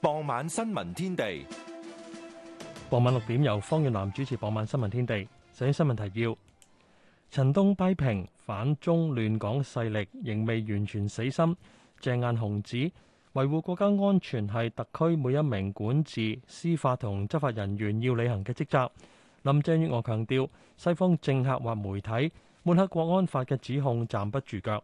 傍晚新聞天地，傍晚六點由方月南主持。傍晚新聞天地，首先新聞提要：陳東批評反中亂港勢力仍未完全死心。鄭雁雄指維護國家安全係特區每一名管治、司法同執法人員要履行嘅職責。林鄭月娥強調，西方政客或媒體抹黑國安法嘅指控，站不住腳。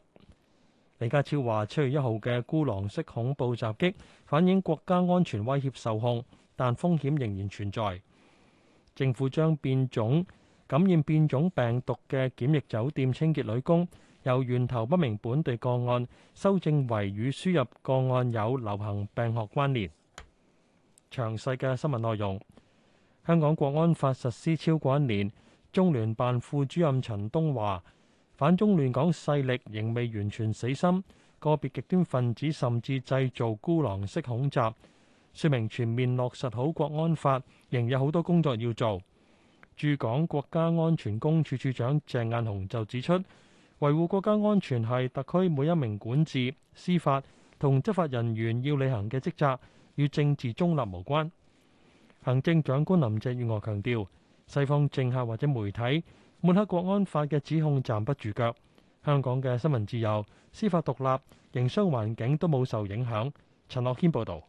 李家超話：七月一號嘅孤狼式恐怖襲擊反映國家安全威脅受控，但風險仍然存在。政府將變種感染變種病毒嘅檢疫酒店清潔女工由源頭不明本地個案修正為與輸入個案有流行病學關聯。詳細嘅新聞內容，香港國安法實施超過一年，中聯辦副主任陳東華。反中亂港勢力仍未完全死心，個別極端分子甚至製造孤狼式恐襲，說明全面落實好《國安法》，仍有好多工作要做。駐港國家安全公署署長鄭雁雄就指出，維護國家安全係特區每一名管治、司法同執法人員要履行嘅職責，與政治中立無關。行政長官林鄭月娥強調，西方政客或者媒體抹黑國安法嘅指控站不住腳，香港嘅新聞自由、司法獨立、營商環境都冇受影響。陳樂軒報導，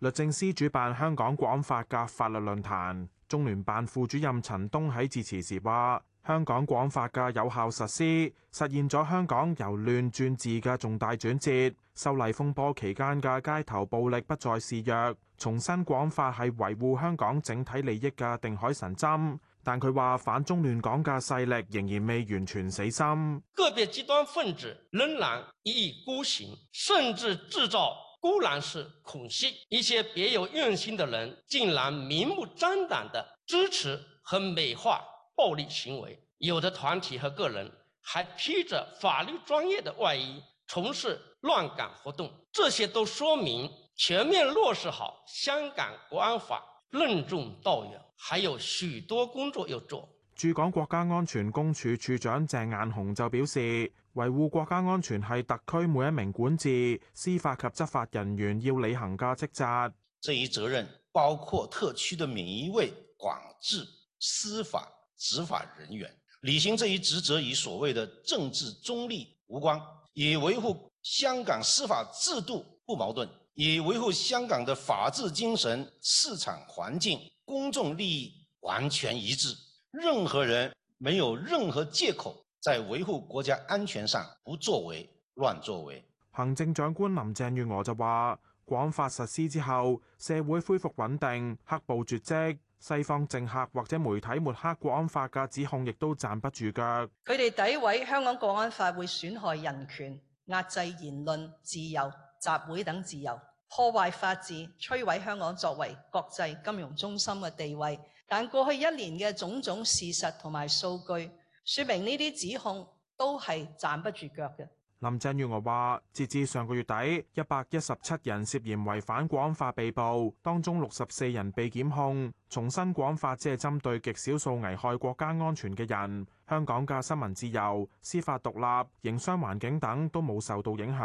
律政司主辦香港國安法嘅法律論壇，中聯辦副主任陳東喺致辭時話：香港國安法嘅有效實施，實現咗香港由亂轉治嘅重大轉折。修例風波期間嘅街頭暴力不再肆虐，重申國安法係維護香港整體利益嘅定海神針。但佢話反中亂港嘅勢力仍然未完全死心，個別極端分子仍然一意孤行，甚至製造孤狼式恐襲；一些別有用心的人竟然明目張膽地支持和美化暴力行為，有的團體和個人還披着法律專業的外衣，從事亂港活動。這些都說明全面落實好香港國安法任重道遠。還有許多工作要做。駐港國家安全公署署長鄭雁雄就表示，維護國家安全係特區每一名管治、司法及執法人員要履行嘅職責。這一責任包括特區的每一位管治、司法、執法人員履行這一職責，與所謂的政治中立無關，與維護香港司法制度不矛盾，與維護香港的法治精神、市場環境。公眾利益完全一致，任何人沒有任何借口在維護國家安全上不作為、亂作為。行政長官林鄭月娥就話，國安法實施之後，社會恢復穩定，黑暴絕跡。西方政客或者媒體抹黑國安法嘅指控，亦都站不住腳。佢哋詆毀香港國安法會損害人權、壓制言論自由、集會等自由。破壞法治、摧毀香港作為國際金融中心嘅地位，但過去一年嘅種種事實同埋數據，說明呢啲指控都係站不住腳嘅。林鄭月娥話，截至上個月底，一百一十七人涉嫌違反國安法被捕，當中六十四人被檢控。重申國安法只係針對極少數危害國家安全嘅人。香港嘅新聞自由、司法獨立、營商環境等都冇受到影響。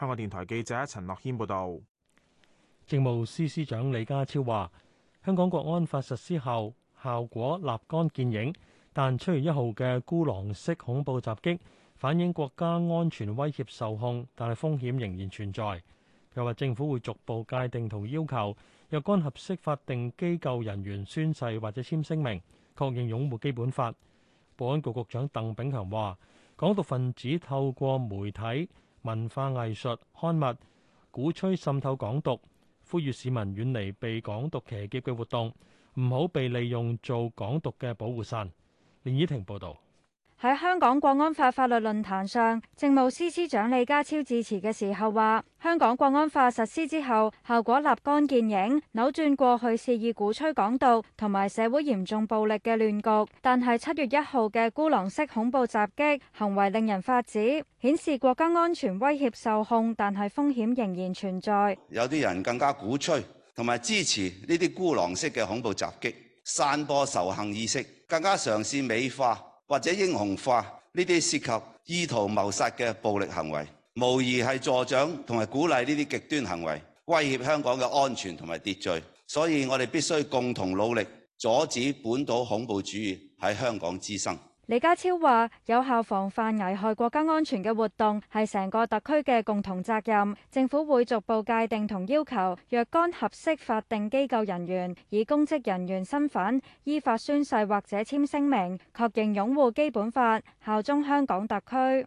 香港電台記者陳樂軒報導。政務司司長李家超話：香港國安法實施後效果立竿見影，但七月一號嘅孤狼式恐怖襲擊反映國家安全威脅受控，但係風險仍然存在。又話政府會逐步界定同要求有關合適法定機構人員宣誓或者簽聲明，確認擁護基本法。保安局局長鄧炳強話：港獨分子透過媒體、文化藝術、刊物鼓吹滲透港獨。呼籲市民遠離被港獨騎劫嘅活動，唔好被利用做港獨嘅保護傘。連以婷報導。喺香港國安法法律論壇上，政務司司長李家超致辭嘅時候話，香港國安法實施之後，效果立竿見影，扭轉過去肆意鼓吹港獨同埋社會嚴重暴力嘅亂局。但係七月一號嘅孤狼式恐怖襲擊行為令人髮指，顯示國家安全威脅受控，但係風險仍然存在。有啲人更加鼓吹同埋支持呢啲孤狼式嘅恐怖襲擊，散播仇恨意識，更加嘗試美化，或者英雄化呢啲涉及意圖謀殺嘅暴力行為，無疑係助長同埋鼓勵呢啲極端行為，威脅香港嘅安全同埋秩序。所以我哋必須共同努力，阻止本土恐怖主義喺香港滋生。李家超話：有效防範危害國家安全嘅活動係成個特區嘅共同責任，政府會逐步界定同要求若干合適法定機構人員以公職人員身份依法宣誓或者簽聲明，確認擁護基本法，效忠香港特區。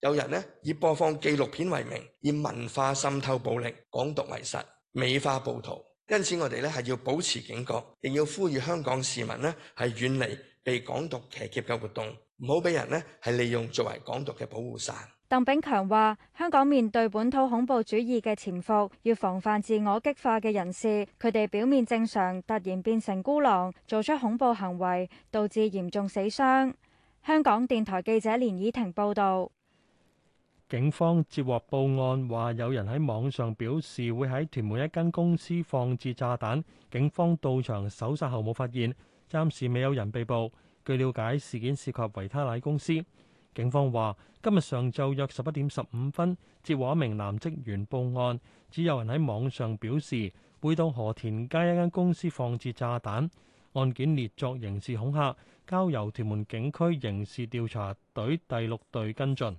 有人呢以播放紀錄片為名，以文化滲透暴力、港獨為實美化暴徒，因此我哋呢，係要保持警覺，亦要呼籲香港市民呢，係遠離被港獨騎劫嘅活動，唔好俾人呢，係利用作為港獨嘅保護傘。鄧炳強話，香港面對本土恐怖主義嘅潛伏，要防範自我激化嘅人士，佢哋表面正常，突然變成孤狼，做出恐怖行為，導致嚴重死傷，香港電台記者連倚婷報道。警方接獲報案，話有人喺網上表示會喺屯門一間公司放置炸彈。警方到場搜查後冇發現，暫時未有人被捕。據了解，事件涉及維他奶公司。警方話：今日上晝約十一點十五分，接獲一名男職員報案，指有人喺網上表示會到河田街一間公司放置炸彈。案件列作刑事恐嚇，交由屯門警區刑事調查隊第六隊跟進。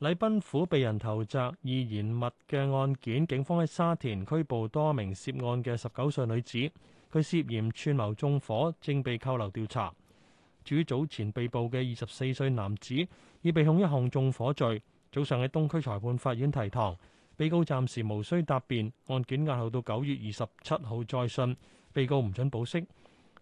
禮賓府被人投擲易燃物嘅案件，警方喺沙田拘捕多名涉案嘅十九歲女子，佢涉嫌串謀縱火，正被扣留調查。至於早前被捕嘅二十四歲男子，已被控一項縱火罪，早上喺東區裁判法院提堂，被告暫時無需答辯，案件押後到九月二十七號再訊，被告唔准保釋。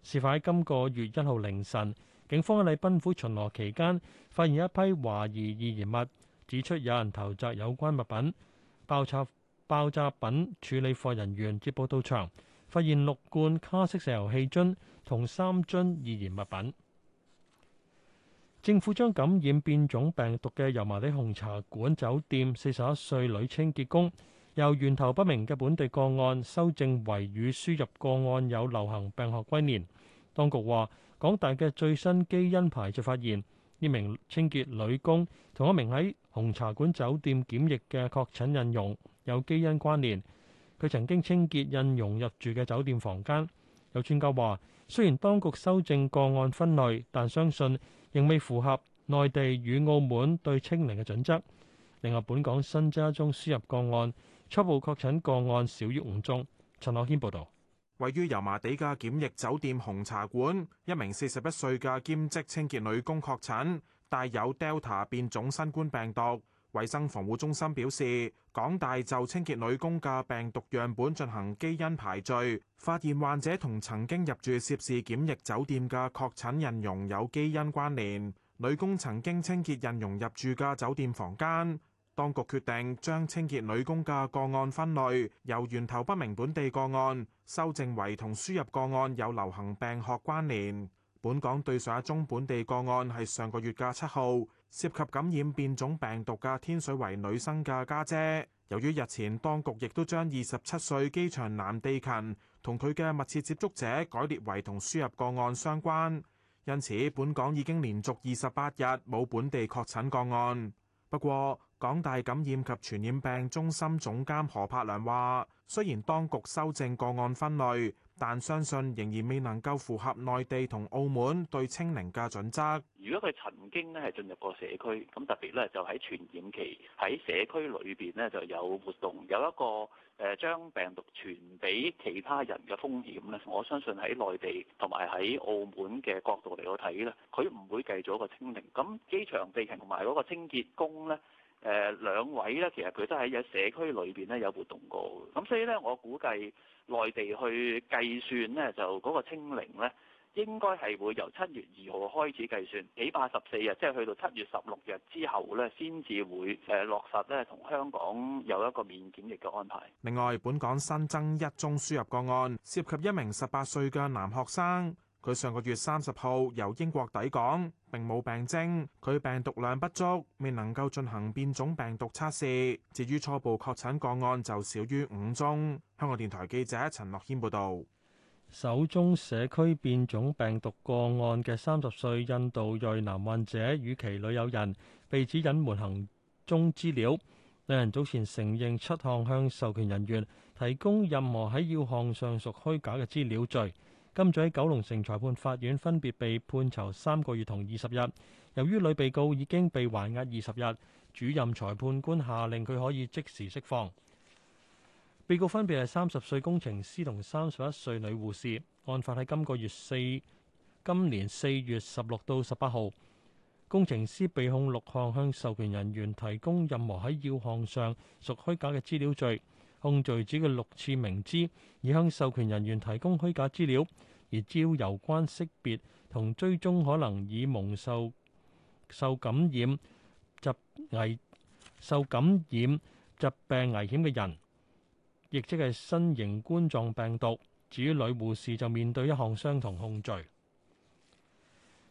事發喺今個月一號凌晨，警方喺禮賓府巡邏期間，發現一批懷疑易燃物。指出有人投擲有關物品，爆炸爆炸品處理課人員接報到場，發現六罐卡式石油氣樽同三樽易燃物品。政府將感染變種病毒嘅油麻地紅茶館酒店四十一歲女清潔工由源頭不明嘅本地個案修正為與輸入個案有流行病學關聯。當局話，港大嘅最新基因排序發現，呢名清潔女工同一名喺紅茶館酒店檢疫嘅確診印傭有基因關聯，佢曾經清潔印傭入住嘅酒店房間。有專家話，雖然當局修正個案分類，但相信仍未符合內地與澳門對清零嘅準則。另外，本港新增一宗輸入個案，初步確診個案少於五宗。陳樂軒報導。位於油麻地嘅檢疫酒店紅茶館，一名四十一歲嘅兼職清潔女工確診，帶有 Delta 變種新冠病毒。衛生防護中心表示，港大就清潔女工嘅病毒樣本進行基因排序，發現患者同曾經入住涉事檢疫酒店嘅確診印傭有基因關聯。女工曾經清潔印傭入住嘅酒店房間。當局決定將清潔女工嘅個案分類，由源頭不明本地個案修正為同輸入個案有流行病學關聯。本港對上一宗本地個案係上個月嘅七號，涉及感染變種病毒嘅天水圍女生嘅家姐。由於日前當局亦都將二十七歲機場男地勤同佢嘅密切接觸者改列為同輸入個案相關，因此本港已經連續二十八日冇本地確診個案。不過，港大感染及傳染病中心總監何柏良話，雖然當局修正個案分類，但相信仍然未能夠符合內地同澳門對清零嘅準則。如果佢曾經咧係進入過社區，咁特別咧就喺傳染期喺社區裏邊咧就有活動，有一個誒將病毒傳俾其他人嘅風險咧，我相信喺內地同埋喺澳門嘅角度嚟到睇，咧，佢唔會計做一個清零。咁機場地勤同埋嗰個清潔工咧。誒兩位咧，其實佢都喺社區裏邊咧有活動過，咁所以咧我估計內地去計算咧，就嗰個清零咧，應該係會由七月二號開始計算，起十四日，即係去到七月十六日之後咧，先至會誒落實咧，同香港有一個免檢疫嘅安排。另外，本港新增一宗輸入個案，涉及一名十八歲嘅男學生，佢上個月三十號由英國抵港。並冇病徵，佢病毒量不足，未能夠進行變種病毒測試。至於初步確診個案就少於五宗。香港電台記者陳諾謙報導，首宗社區變種病毒個案嘅三十歲印度裔男患者與其女友人被指隱瞞行蹤資料，兩人早前承認七項向授權人員提供任何喺要項上屬虛假嘅資料罪。今早喺九龍城裁判法院分別被判囚三個月同二十日，由於女被告已經被還押二十日，主任裁判官下令佢可以即時釋放。被告分別係三十歲工程師同三十一歲女護士，案發喺今個月四、今年四月十六到十八號。工程師被控六項向授權人員提供任何喺要項上屬虛假嘅資料罪。控罪指嘅六次明知，已向授權人員提供虛假資料，而招有關識別同追蹤可能以蒙受受感染疾危受感染疾病危險嘅人，亦即係新型冠狀病毒。至於女護士就面對一項相同控罪。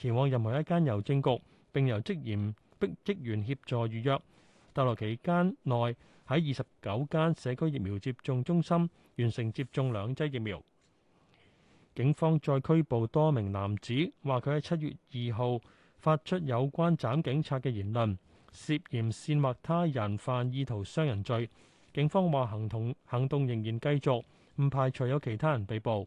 前往任何一間郵政局，並由職員逼職員協助預約。逗留期間內，喺二十九間社區疫苗接種中心完成接種兩劑疫苗。警方再拘捕多名男子，話佢喺七月二號發出有關斬警察嘅言論，涉嫌煽惑他人犯意圖傷人罪。警方話行動行動仍然繼續，唔排除有其他人被捕。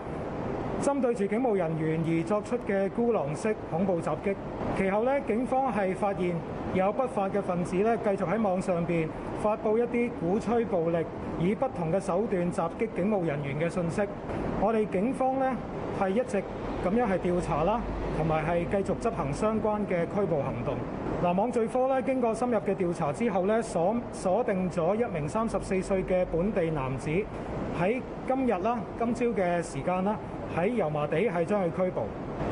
針對住警務人員而作出嘅孤狼式恐怖襲擊，其後咧，警方係發現有不法嘅分子咧，繼續喺網上邊發布一啲鼓吹暴力、以不同嘅手段襲擊警務人員嘅信息。我哋警方咧係一直咁樣係調查啦，同埋係繼續執行相關嘅拘捕行動。嗱、啊，網罪科咧經過深入嘅調查之後咧，鎖鎖定咗一名三十四歲嘅本地男子喺今日啦，今朝嘅時間啦。喺油麻地係將佢拘捕，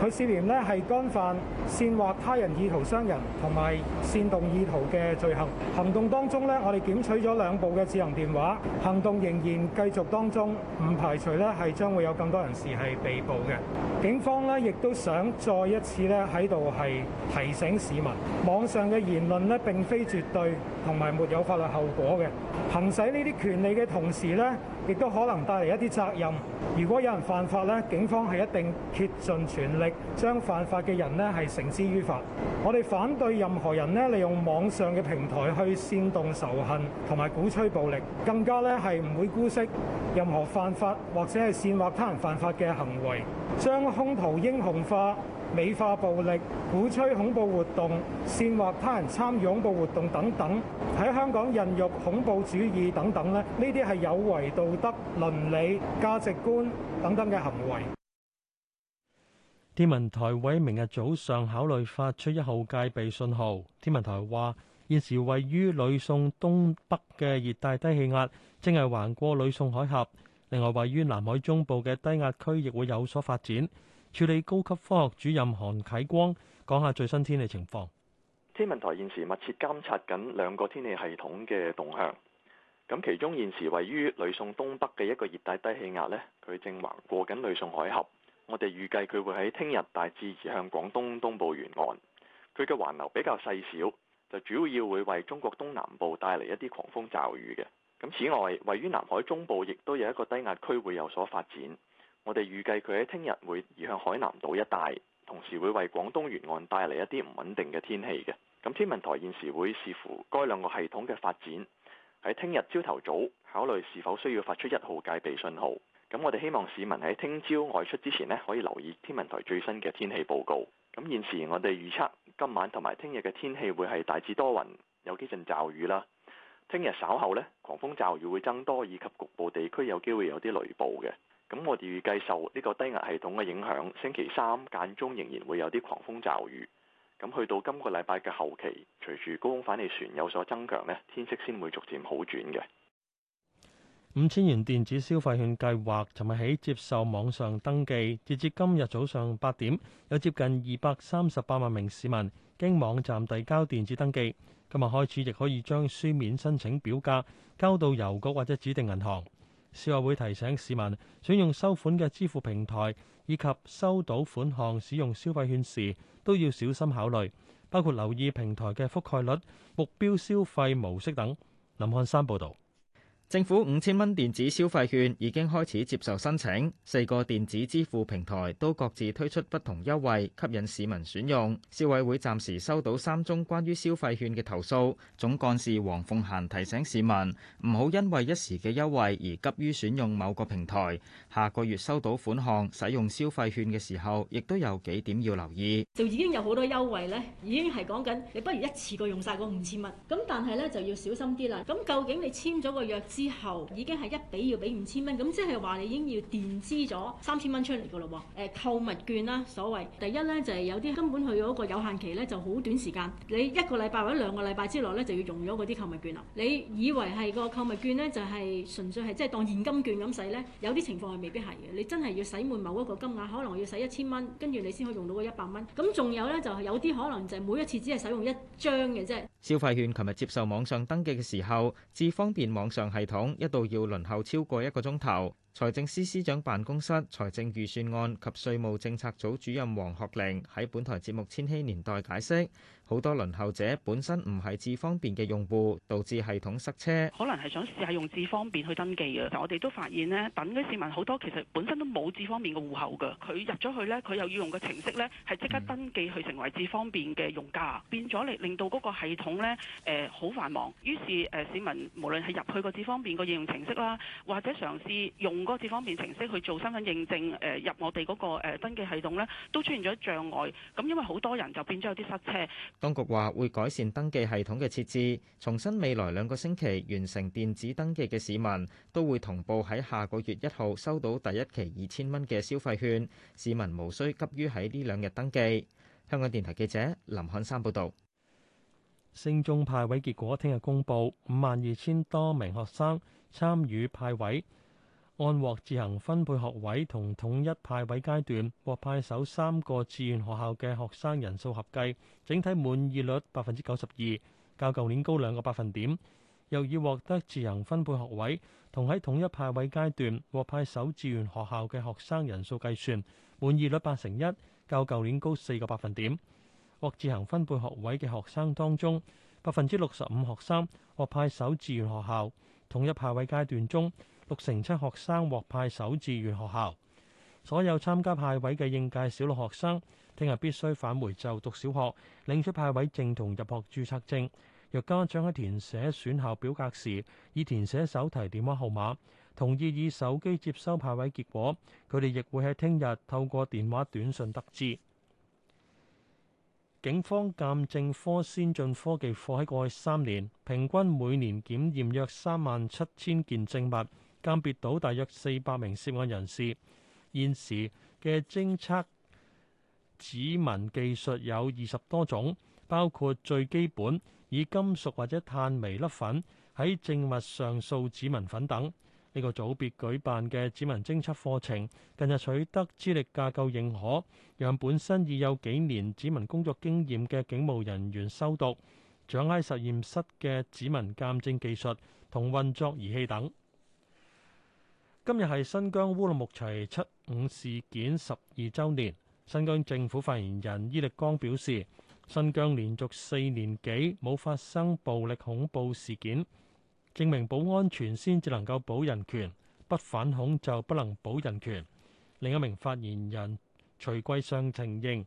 佢涉嫌呢係干犯煽惑他人意圖傷人同埋煽動意圖嘅罪行。行動當中呢，我哋檢取咗兩部嘅智能電話。行動仍然繼續當中，唔排除呢係將會有更多人士係被捕嘅。警方呢亦都想再一次呢喺度係提醒市民，網上嘅言論呢並非絕對同埋沒有法律後果嘅。行使呢啲權利嘅同時咧，亦都可能帶嚟一啲責任。如果有人犯法咧，警方係一定竭盡全力將犯法嘅人咧係繩之於法。我哋反對任何人呢，利用網上嘅平台去煽動仇恨同埋鼓吹暴力，更加咧係唔會姑息任何犯法或者係煽惑他人犯法嘅行為，將兇徒英雄化、美化暴力、鼓吹恐怖活動，煽惑他人參與恐怖活動等等，喺香港孕育恐怖主義等等咧，呢啲係有違道德、倫理、價值觀等等嘅行為。天文台喺明日早上考慮發出一號戒備信號。天文台話現時位於呂宋東北嘅熱帶低氣壓正係橫過呂宋海峽，另外位於南海中部嘅低壓區亦會有所發展。處理高級科學主任韓啟光講下最新天氣情況。天文台現時密切監察緊兩個天氣系統嘅動向，咁其中現時位於呂宋東北嘅一個熱帶低氣壓咧，佢正橫過緊呂宋海峽，我哋預計佢會喺聽日大致移向廣東東部沿岸，佢嘅環流比較細小，就主要會為中國東南部帶嚟一啲狂風驟雨嘅。咁此外，位於南海中部亦都有一個低壓區會有所發展。我哋預計佢喺聽日會移向海南島一帶，同時會為廣東沿岸帶嚟一啲唔穩定嘅天氣嘅。咁天文台現時會視乎該兩個系統嘅發展，喺聽日朝頭早考慮是否需要發出一號戒備信號。咁我哋希望市民喺聽朝外出之前呢，可以留意天文台最新嘅天氣報告。咁現時我哋預測，今晚同埋聽日嘅天氣會係大致多雲，有幾陣驟雨啦。聽日稍後呢，狂風驟雨會增多，以及局部地區有機會有啲雷暴嘅。咁我哋預計受呢個低壓系統嘅影響，星期三間中仍然會有啲狂風驟雨。咁去到今個禮拜嘅後期，隨住高空反氣旋有所增強呢，天色先會逐漸好轉嘅。五千元電子消費券計劃尋日起接受網上登記，截至今日早上八點，有接近二百三十八萬名市民經網站遞交電子登記。今日開始亦可以將書面申請表格交到郵局或者指定銀行。消委會提醒市民，想用收款嘅支付平台以及收到款項使用消費券時都要小心考慮，包括留意平台嘅覆蓋率、目標消費模式等。林漢山報道。政府五千蚊電子消費券已經開始接受申請，四個電子支付平台都各自推出不同優惠，吸引市民選用。消委會暫時收到三宗關於消費券嘅投訴。總幹事黃鳳嫻提醒市民唔好因為一時嘅優惠而急於選用某個平台。下個月收到款項使用消費券嘅時候，亦都有幾點要留意。就已經有好多優惠咧，已經係講緊你不如一次過用晒嗰五千蚊。咁但係咧就要小心啲啦。咁究竟你簽咗個約？之後已經係一比要俾五千蚊，咁即係話你已經要墊資咗三千蚊出嚟嘅咯喎，誒、呃、購物券啦，所謂。第一咧就係、是、有啲根本佢嗰個有限期咧就好短時間，你一個禮拜或者兩個禮拜之內咧就要用咗嗰啲購物券啦。你以為係個購物券咧就係、是、純粹係即係當現金券咁使咧？有啲情況係未必係嘅，你真係要使滿某一個金額，可能要使一千蚊，跟住你先可以用到嗰一百蚊。咁仲有咧就係、是、有啲可能就係每一次只係使用一張嘅啫。消費券琴日接受網上登記嘅時候，至方便網上係。統一度要輪候超過一個鐘頭。財政司司長辦公室財政預算案及稅務政策組主任黃學玲，喺本台節目《千禧年代》解釋。好多輪候者本身唔係智方便嘅用戶，導致系統塞車。可能係想試下用智方便去登記嘅。我哋都發現呢，等嗰市民好多其實本身都冇智方便嘅戶口㗎。佢入咗去呢，佢又要用個程式呢，係即刻登記去成為智方便嘅用家，變咗嚟令到嗰個系統呢，誒、呃、好繁忙。於是誒、呃、市民無論係入去個智方便個應用程式啦，或者嘗試用嗰個智方便程式去做身份認證，誒、呃、入我哋嗰個登記系統呢，都出現咗障礙。咁因為好多人就變咗有啲塞車。當局話會改善登記系統嘅設置，重申未來兩個星期完成電子登記嘅市民，都會同步喺下個月一號收到第一期二千蚊嘅消費券，市民無需急於喺呢兩日登記。香港電台記者林漢山報導。升中派位結果聽日公佈，五萬二千多名學生參與派位。按獲自行分配學位同統一派位階段獲派首三個志願學校嘅學生人數合計，整體滿意率百分之九十二，較舊年高兩個百分點。又以獲得自行分配學位同喺統一派位階段獲派首志願學校嘅學生人數計算，滿意率八成一，較舊年高四個百分點。獲自行分配學位嘅學生當中，百分之六十五學生獲派首志願學校，統一派位階段中，六成七學生獲派首志願學校。所有參加派位嘅應屆小六學生，聽日必須返回就讀小學，領取派位證同入學註冊證。若家長喺填寫選校表格時，已填寫手提電話號碼同意以手機接收派位結果，佢哋亦會喺聽日透過電話短信得知。警方鑑證科先進科技課喺過去三年平均每年檢驗約三萬七千件證物。鑑別到大約四百名涉案人士。現時嘅偵測指紋技術有二十多種，包括最基本以金屬或者碳微粒粉喺證物上掃指紋粉等。呢、這個組別舉辦嘅指紋偵測課程，近日取得資歷架構認可，讓本身已有幾年指紋工作經驗嘅警務人員修讀，掌握實驗室嘅指紋鑑證技術同運作儀器等。今日係新疆烏魯木齊七五事件十二週年，新疆政府發言人伊力江表示，新疆連續四年幾冇發生暴力恐怖事件，證明保安全先至能夠保人權，不反恐就不能保人權。另一名發言人徐貴上承認，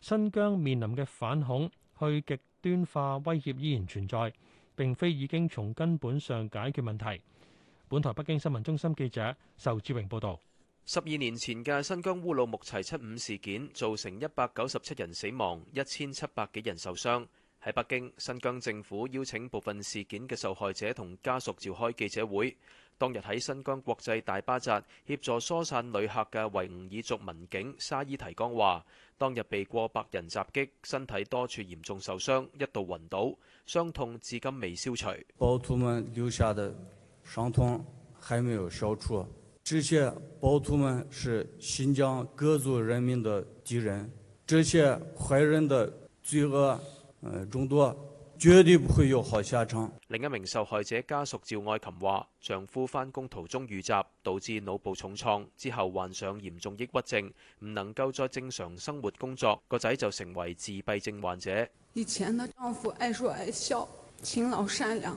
新疆面臨嘅反恐去極端化威脅依然存在，並非已經從根本上解決問題。本台北京新聞中心記者壽志榮報道：，十二年前嘅新疆烏魯木齊七五事件造成一百九十七人死亡，一千七百幾人受傷。喺北京，新疆政府邀請部分事件嘅受害者同家屬召開記者會。當日喺新疆國際大巴扎協助疏散旅客嘅維吾爾族民警沙伊提江話：，當日被過百人襲擊，身體多處嚴重受傷，一度暈倒，傷痛至今未消除。傷痛還沒有消除，這些暴徒們是新疆各族人民的敵人，這些壞人的罪惡，呃，眾多，絕對不會有好下場。另一名受害者家屬趙愛琴話，丈夫返工途中遇襲，導致腦部重創，之後患上嚴重抑鬱症，唔能夠再正常生活工作，個仔就成為自閉症患者。以前的丈夫愛說愛笑，勤勞善良。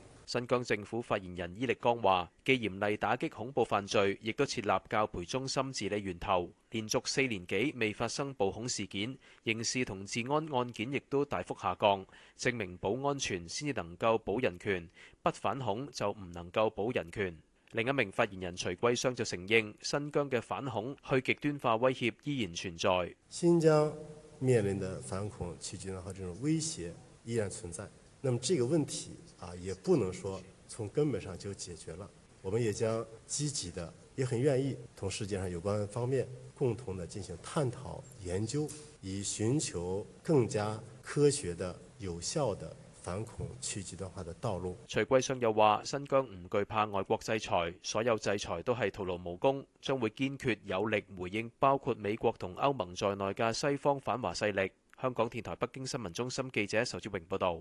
新疆政府發言人伊力江話：既嚴厲打擊恐怖犯罪，亦都設立教培中心治理源頭，連續四年幾未發生暴恐事件，刑事同治安案件亦都大幅下降，證明保安全先至能夠保人權，不反恐就唔能夠保人權。另一名發言人徐桂湘就承認，新疆嘅反恐去極端化威脅依然存在。新疆面臨的反恐去極端化這種威脅依然存在，那麼這個問題。啊，也不能說從根本上就解決了。我們也將積極的，也很願意同世界上有關方面共同的進行探討研究，以尋求更加科學的、有效的反恐去極端化的道路。徐桂生又話：新疆唔懼怕外國制裁，所有制裁都係徒勞無功，將會堅決有力回應包括美國同歐盟在內嘅西方反華勢力。香港電台北京新聞中心記者仇志榮報道。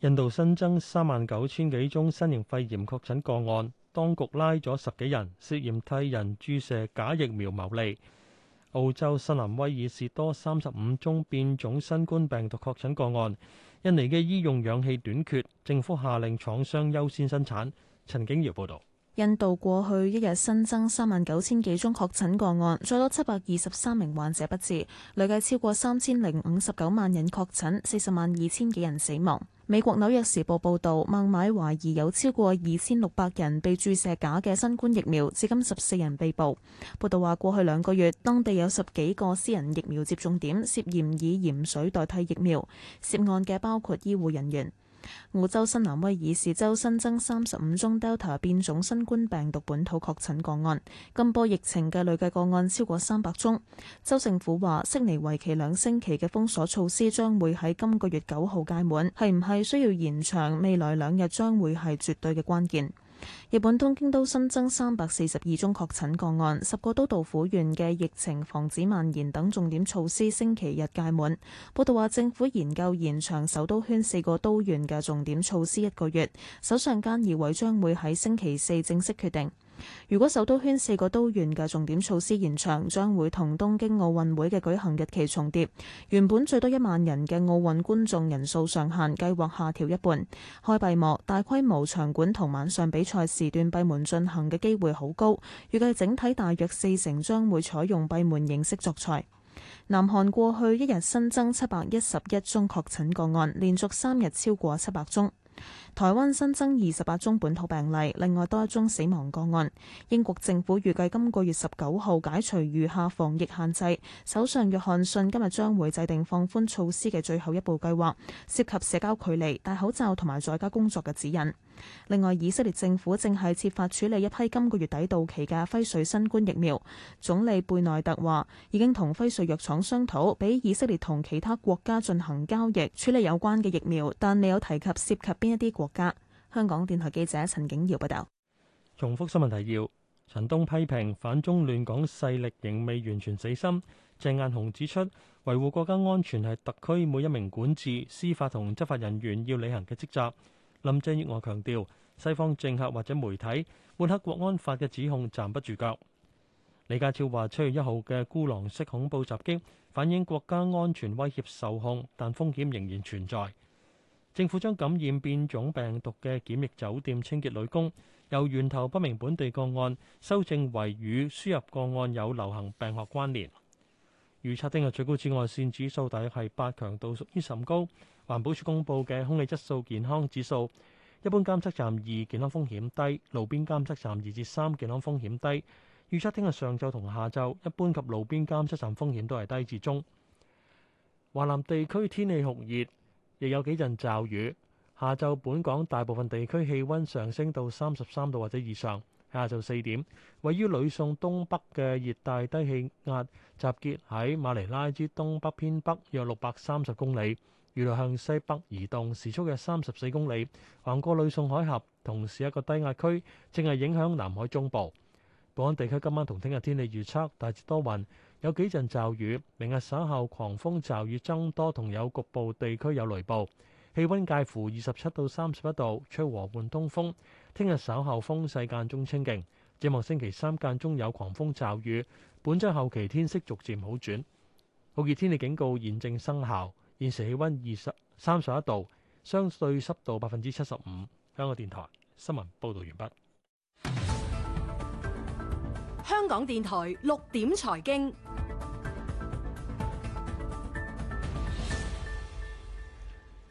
印度新增三萬九千幾宗新型肺炎確診個案，當局拉咗十幾人涉嫌替人注射假疫苗牟利。澳洲新南威爾士多三十五宗變種新冠病毒確診個案。印尼嘅醫用氧氣短缺，政府下令廠商優先生產。陳景瑤報道。印度過去一日新增三萬九千幾宗確診個案，再多七百二十三名患者不治，累計超過三千零五十九萬人確診，四十萬二千幾人死亡。美國《紐約時報》報導，孟買懷疑有超過二千六百人被注射假嘅新冠疫苗，至今十四人被捕。報導話，過去兩個月，當地有十幾個私人疫苗接種點涉嫌以鹽水代替疫苗，涉案嘅包括醫護人員。澳洲新南威爾士州新增三十五宗 Delta 變種新冠病毒本土確診個案，今波疫情嘅累計個案超過三百宗。州政府話，悉尼為期兩星期嘅封鎖措施將會喺今個月九號屆滿，係唔係需要延長？未來兩日將會係絕對嘅關鍵。日本東京都新增三百四十二宗確診個案，十個都道府縣嘅疫情防止蔓延等重點措施星期日屆滿。報道話，政府研究延長首都圈四個都縣嘅重點措施一個月，首相菅義偉將會喺星期四正式決定。如果首都圈四個都縣嘅重點措施延長，將會同東京奧運會嘅舉行日期重疊。原本最多一萬人嘅奧運觀眾人數上限，計劃下調一半。開閉幕，大規模場館同晚上比賽時段閉門進行嘅機會好高，預計整體大約四成將會採用閉門形式作賽。南韓過去一日新增七百一十一宗確診個案，連續三日超過七百宗。台灣新增二十八宗本土病例，另外多一宗死亡個案。英國政府預計今個月十九號解除餘下防疫限制。首相約翰遜今日將會制定放寬措施嘅最後一步計劃，涉及社交距離、戴口罩同埋在家工作嘅指引。另外，以色列政府正係設法處理一批今個月底到期嘅輝瑞新冠疫苗。總理貝內特話，已經同輝瑞藥廠商討，俾以色列同其他國家進行交易處理有關嘅疫苗，但未有提及涉及邊一啲國家。香港電台記者陳景堯報道。重複新聞提要：陳東批評反中亂港勢力仍未完全死心。鄭雁雄指出，維護國家安全係特區每一名管治、司法同執法人員要履行嘅職責。林鄭月娥強調，西方政客或者媒體抹黑國安法嘅指控站不住腳。李家超話，七月一號嘅孤狼式恐怖襲擊反映國家安全威脅受控，但風險仍然存在。政府將感染變種病毒嘅檢疫酒店清潔女工由源頭不明本地個案修正為與輸入個案有流行病學關聯。預測聽日最高紫外線指數大約係八強度，屬於甚高。環保署公布嘅空氣質素健康指數，一般監測站二健康風險低，路邊監測站二至三健康風險低。預測聽日上晝同下晝，一般及路邊監測站風險都係低至中。華南地區天氣酷熱，亦有幾陣驟雨。下晝本港大部分地區氣溫上昇到三十三度或者以上。下晝四點，位於呂宋東北嘅熱帶低氣壓集結喺馬尼拉之東北偏北約六百三十公里。預料向西北移動，時速約三十四公里，橫過呂宋海峽，同時一個低壓區正係影響南海中部。本港地區今晚同聽日天氣預測大致多雲，有幾陣驟雨。明日稍後狂風驟雨增多，同有局部地區有雷暴。氣溫介乎二十七到三十一度，吹和緩東風。聽日稍後風勢間中清勁。展望星期三間中有狂風驟雨。本周後期天色逐漸好轉。酷熱天氣警告現正生效。現時氣溫二十三十一度，相對濕度百分之七十五。香港電台新聞報道完畢。香港電台六點財經。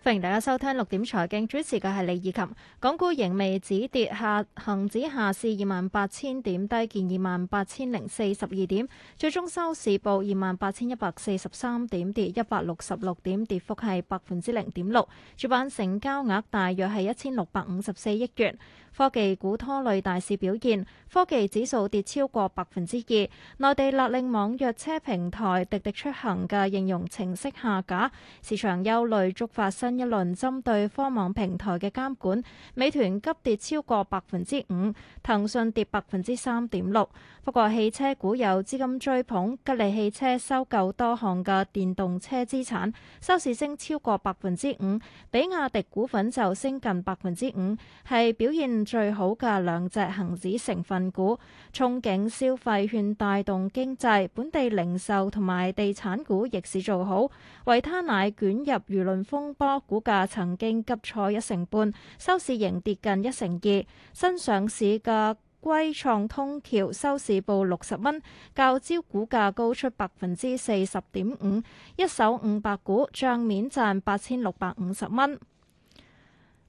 歡迎大家收聽六點財經，主持嘅係李以琴。港股仍未止跌下，下恒指下市二萬八千點，低見二萬八千零四十二點，最終收市報二萬八千一百四十三點跌，跌一百六十六點，跌幅係百分之零點六。主板成交額大約係一千六百五十四億元。科技股拖累大市表現，科技指數跌超過百分之二。內地勒令網約車平台滴滴出行嘅應用程式下架，市場憂慮觸發新，一輪針對科網平台嘅監管，美團急跌超過百分之五，騰訊跌百分之三點六。不過汽車股有資金追捧，吉利汽車收購多項嘅電動車資產，收市升超過百分之五。比亞迪股份就升近百分之五，係表現最好嘅兩隻恒指成分股。憧憬消費券帶動經濟，本地零售同埋地產股逆市做好。維他奶捲入輿論風波。股價曾經急挫一成半，收市仍跌近一成二。新上市嘅歸創通橋收市報六十蚊，較招股價高出百分之四十點五，一手五百股，賬面賺八千六百五十蚊。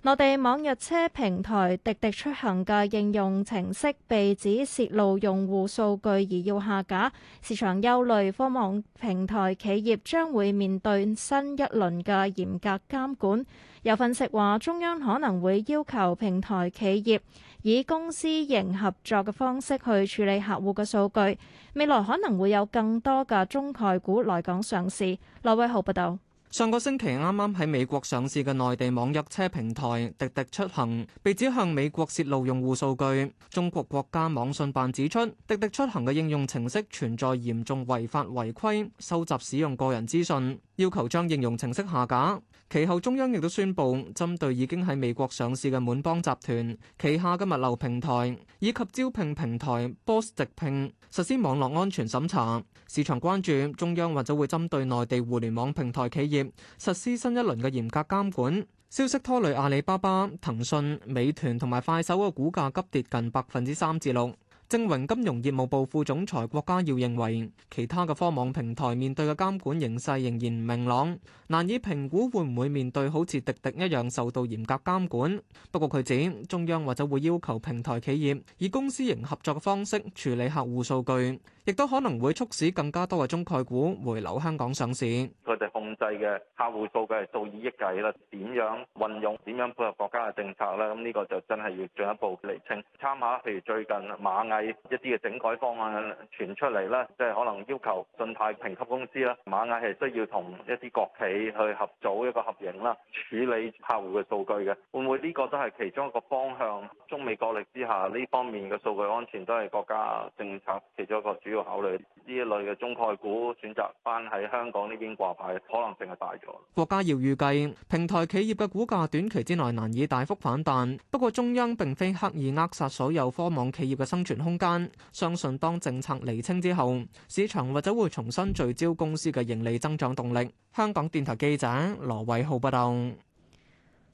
內地網約車平台滴滴出行嘅應用程式被指洩露用戶數據而要下架，市場憂慮科網平台企業將會面對新一輪嘅嚴格監管。有分析話，中央可能會要求平台企業以公司型合作嘅方式去處理客戶嘅數據，未來可能會有更多嘅中概股來港上市。羅偉豪報道。上個星期啱啱喺美國上市嘅內地網約車平台滴滴出行，被指向美國泄露用戶數據。中國國家網信辦指出，滴滴出行嘅應用程式存在嚴重違法違規，收集使用個人資訊，要求將應用程式下架。其後中央亦都宣布，針對已經喺美國上市嘅滿幫集團旗下嘅物流平台以及招聘平台 Boss 直聘，實施網絡安全審查。市場關注中央或者會針對內地互聯網平台企業實施新一輪嘅嚴格監管，消息拖累阿里巴巴、騰訊、美團同埋快手嘅股價急跌近百分之三至六。正榮金融業務部副總裁郭家耀認為，其他嘅科網平台面對嘅監管形勢仍然唔明朗，難以評估會唔會面對好似滴滴一樣受到嚴格監管。不過佢指，中央或者會要求平台企業以公司型合作嘅方式處理客戶數據，亦都可能會促使更加多嘅中概股回流香港上市。佢哋控制嘅客戶數據係數以億計啦，點樣運用，點樣配合國家嘅政策咧？咁呢個就真係要進一步釐清。參考譬如最近螞蟻。係一啲嘅整改方案傳出嚟啦，即係可能要求信貸評級公司啦，馬艾係需要同一啲國企去合組一個合營啦，處理客戶嘅數據嘅，會唔會呢個都係其中一個方向？中美角力之下，呢方面嘅數據安全都係國家政策其中一個主要考慮。呢一類嘅中概股選擇翻喺香港呢邊掛牌可能性係大咗。郭家耀預計平台企業嘅股價短期之內難以大幅反彈，不過中央並非刻意扼殺所有科網企業嘅生存空間相信當政策釐清之後，市場或者會重新聚焦公司嘅盈利增長動力。香港電台記者羅偉浩報道。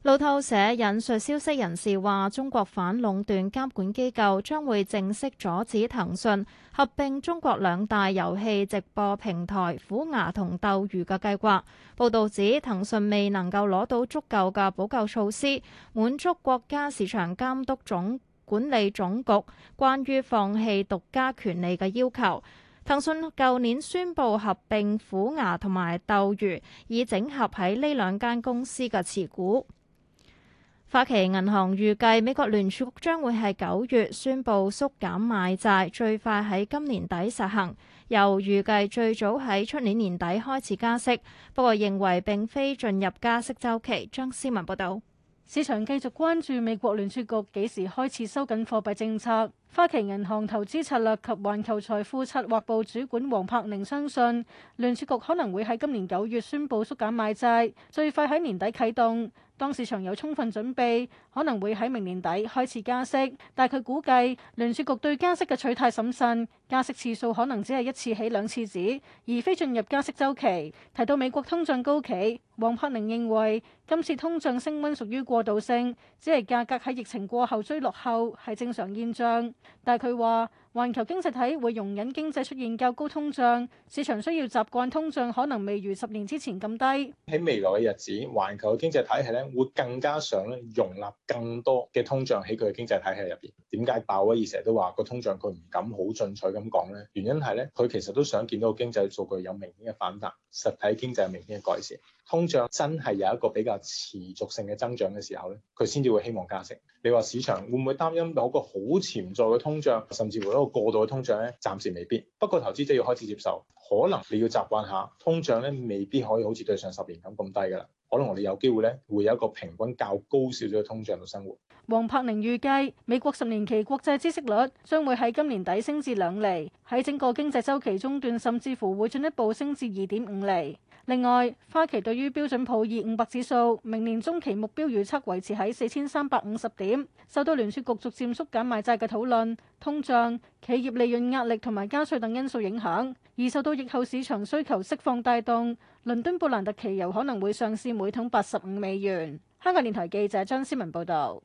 路透社引述消息人士話，中國反壟斷監管機構將會正式阻止騰訊合併中國兩大遊戲直播平台虎牙同鬥魚嘅計劃。報導指，騰訊未能夠攞到足夠嘅補救措施，滿足國家市場監督總管理總局關於放棄獨家權利嘅要求。騰訊舊年宣布合併虎牙同埋鬥魚，以整合喺呢兩間公司嘅持股。花旗銀行預計美國聯儲局將會喺九月宣布縮減買債，最快喺今年底實行，又預計最早喺出年年底開始加息，不過認為並非進入加息週期。張思文報導。市場繼續關注美國聯儲局幾時開始收緊貨幣政策。花旗銀行投資策略及環球財富策劃部主管黃柏寧相信，聯儲局可能會喺今年九月宣布縮減買債，最快喺年底啟動。當市場有充分準備，可能會喺明年底開始加息，但佢估計聯儲局對加息嘅取態審慎，加息次數可能只係一次起兩次止，而非進入加息周期。提到美國通脹高企，王柏寧認為今次通脹升溫屬於過渡性，只係價格喺疫情過後追落後係正常現象，但佢話。環球經濟體會容忍經濟出現較高通脹，市場需要習慣通脹可能未如十年之前咁低。喺未來嘅日子，環球經濟體系咧會更加想咧容納更多嘅通脹喺佢嘅經濟體系入邊。點解鮑威爾成日都話個通脹佢唔敢好進取咁講咧，原因係咧佢其實都想見到個經濟數據有明顯嘅反彈，實體經濟有明顯嘅改善。通脹真係有一個比較持續性嘅增長嘅時候咧，佢先至會希望加息。你話市場會唔會擔心到個好潛在嘅通脹，甚至乎過度嘅通脹咧，暫時未必。不過，投資者要開始接受，可能你要習慣下通脹咧，未必可以好似對上十年咁咁低噶啦。可能我哋有機會咧，會有一個平均較高少少嘅通脹嘅生活。黃柏寧預計，美國十年期國債息率將會喺今年底升至兩厘，喺整個經濟周期中段，甚至乎會進一步升至二點五厘。另外，花旗對於標準普爾五百指數明年中期目標預測維持喺四千三百五十點。受到聯儲局逐漸縮減買債嘅討論、通脹、企業利潤壓力同埋加稅等因素影響，而受到疫後市場需求釋放帶動，倫敦布蘭特期油可能會上試每桶八十五美元。香港電台記者張思文報導。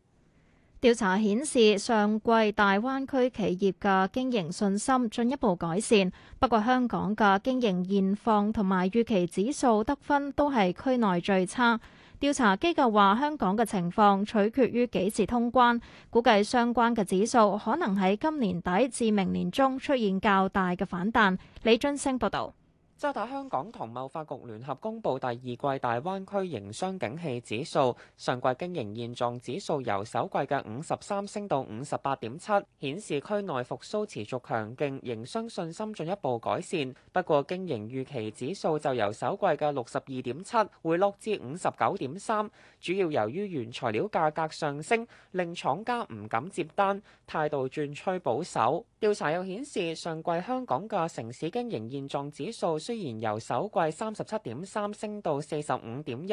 調查顯示，上季大灣區企業嘅經營信心進一步改善，不過香港嘅經營現況同埋預期指數得分都係區內最差。調查機構話，香港嘅情況取決於幾時通關，估計相關嘅指數可能喺今年底至明年中出現較大嘅反彈。李津升報導。渣打香港同貿發局聯合公布第二季大灣區營商景氣指數，上季經營現狀指數由首季嘅五十三升到五十八點七，顯示區內復甦持續強勁，營商信心進一步改善。不過經營預期指數就由首季嘅六十二點七回落至五十九點三，主要由於原材料價格上升，令廠家唔敢接單，態度轉趨保守。調查又顯示，上季香港嘅城市經營現狀指數，雖然由首季三十七點三升到四十五點一，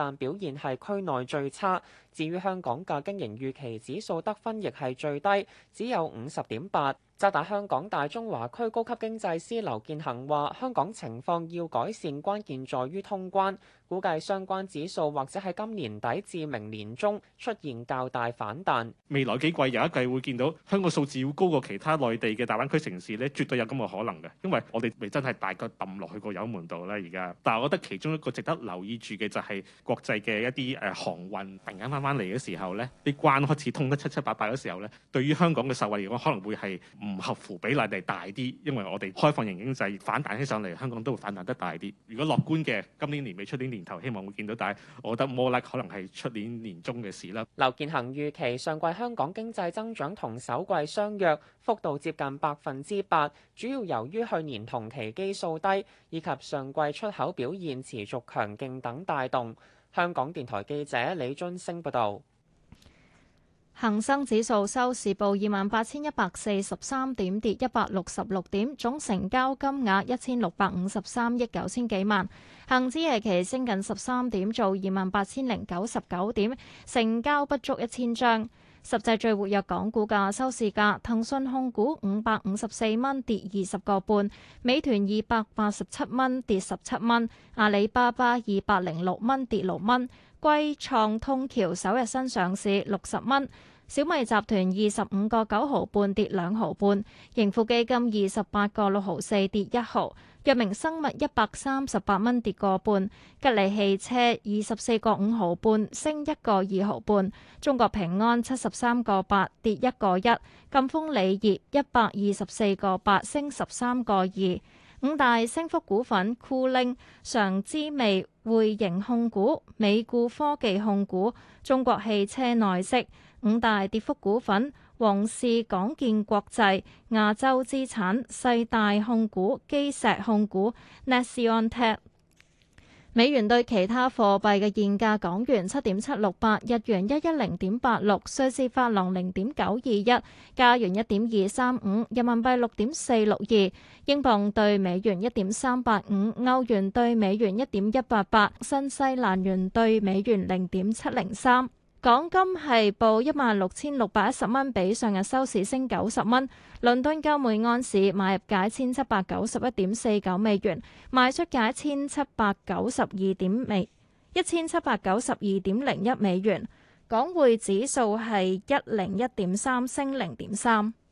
但表現係區內最差。至於香港嘅經營預期指數得分亦係最低，只有五十點八。渣打香港大中華區高級經濟師劉建恒話：香港情況要改善，關鍵在於通關。估計相關指數或者喺今年底至明年中出現較大反彈。未來幾季有一季會見到香港數字要高過其他內地嘅大灣區城市呢，絕對有咁嘅可能嘅。因為我哋未真係大腳抌落去個油門度啦。而家，但係我覺得其中一個值得留意住嘅就係、是。國際嘅一啲誒航運突然間翻翻嚟嘅時候咧，啲關開始通得七七八八嘅時候咧，對於香港嘅受惠嚟講，可能會係唔合乎比例地大啲，因為我哋開放型經濟反彈起上嚟，香港都會反彈得大啲。如果樂觀嘅，今年年尾出年年頭，希望會見到大。但我覺得 more like，可能係出年年中嘅事啦。劉建恒預期上季香港經濟增長同首季相若，幅度接近百分之八，主要由於去年同期基數低，以及上季出口表現持續強勁等帶動。香港電台記者李津升報道，恒生指數收市報二萬八千一百四十三點，跌一百六十六點，總成交金額一千六百五十三億九千幾萬。恒指夜期升近十三點，做二萬八千零九十九點，成交不足一千張。十隻最活躍港股價收市價，騰訊控股五百五十四蚊跌二十個半，美團二百八十七蚊跌十七蚊，阿里巴巴二百零六蚊跌六蚊，歸創通橋首日新上市六十蚊，小米集團二十五個九毫半跌兩毫半，盈富基金二十八個六毫四跌一毫。一名生物一百三十八蚊跌個半，吉利汽車二十四個五毫半升一個二毫半，中國平安七十三個八跌一個一，金豐鋰業一百二十四個八升十三個二，五大升幅股份：酷靈、常之味、匯盈控股、美固科技控股、中國汽車內飾。五大跌幅股份。王氏港建國際、亞洲資產、世大控股、基石控股、n a s o n t e c 美元對其他貨幣嘅現價：港元七點七六八，日元一一零點八六，瑞士法郎零點九二一，加元一點二三五，人民幣六點四六二，英鎊對美元一點三八五，歐元對美元一點一八八，新西蘭元對美元零點七零三。港金係報一萬六千六百一十蚊，比上日收市升九十蚊。倫敦交換盎司買入價一千七百九十一點四九美元，賣出價一千七百九十二點美一千七百九十二點零一美元。港匯指數係一零一點三，升零點三。